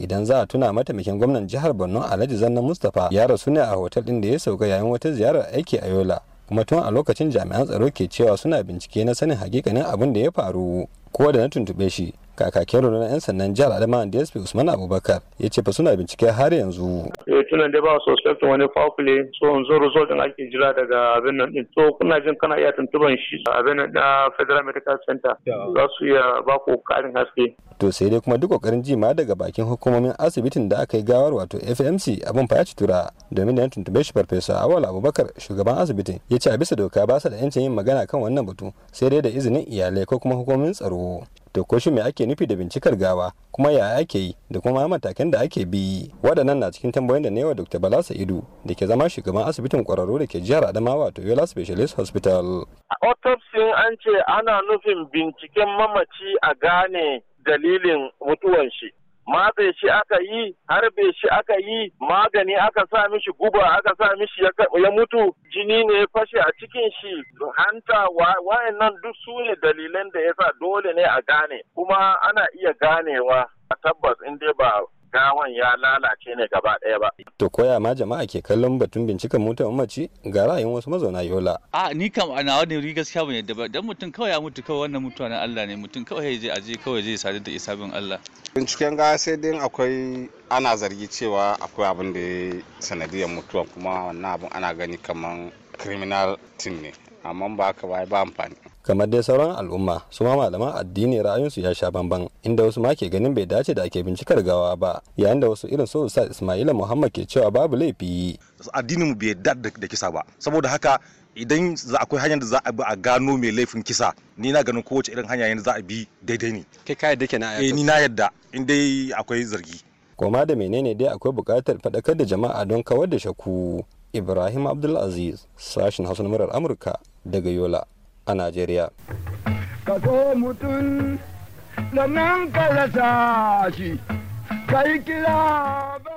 idan za a tuna mataimakin gwamnan jihar borno alhaji zanna mustapha ya rasu ne a hotel din da ya sauka yayin wata ziyarar aiki a yola kuma tun a lokacin jami'an tsaro ke cewa suna bincike na sanin hakikanin abin da ya faru ko da na tuntube shi kakakin rundunar 'yan sannan jihar adamawa dsp usman abubakar ya ce fa suna bincike har yanzu eh, tunan da ba suspect wani foul So so yanzu result din ake jira daga abin nan din so kuna jin kana iya tuntuban shi abin nan da federal medical center za su iya ba ku karin haske to sai dai kuma duk kokarin jima daga bakin hukumomin asibitin da aka yi gawar wato fmc abin fa ya ci tura domin da ya tuntube shi farfesa awal abubakar shugaban asibitin ya ce a bisa doka ba su da yancin yin magana kan wannan batu sai dai da izinin iyalai ko kuma hukumomin tsaro to ko shi me ake nufi da bincikar gawa kuma ya ake yi da kuma matakan da ake bi waɗannan na cikin tambayoyin da newa dr bala sa'idu da ke zama shugaban asibitin kwararru da ke jihar adamawa to yola specialist hospital autopsy an ce ana nufin binciken mamaci a gane dalilin mutuwan shi matse shi aka yi harbe shi aka yi magani aka sa mishi guba aka sa mishi ya mutu jini ne ya fashe a cikin shi hanta wayannan duk su ne dalilan da sa dole ne a gane kuma ana iya ganewa a tabbas in dai ba gawan ya lalace ne gaba ɗaya ba. To koya ma jama'a ke kallon batun binciken motar umarci ga ra'ayin wasu mazauna Yola. A ni kam a nawa ne ri gaskiya yadda ba dan mutum kawai ya mutu kawai wannan mutuwa na Allah ne mutum kawai je aje kawai zai sadu da isabin Allah. Binciken ga sai dai akwai ana zargi cewa akwai abin da ya sanadiyar mutuwa kuma wannan abin ana gani kamar criminal tin ne amma ba haka ba ba amfani. kamar dai sauran al'umma su ma malaman addini ra'ayinsu ya sha bamban inda wasu ma ke ganin bai dace da ake bincikar gawa ba yayin da wasu irin su sa Ismaila Muhammad ke cewa babu laifi addinin mu bai dace da kisa ba saboda haka idan akwai hanyar da za a bi a gano mai laifin kisa ni na ganin kowace irin hanya yanda za a bi daidai ne kai ka yadda ayyuka eh ni na yadda in dai akwai zargi koma da menene dai akwai bukatar faɗakar da jama'a don kawar da shaku Ibrahim Abdulaziz sashin Hausa na Amurka daga Yola a najeriya kaso mutum da nan ka rasa shi kai kira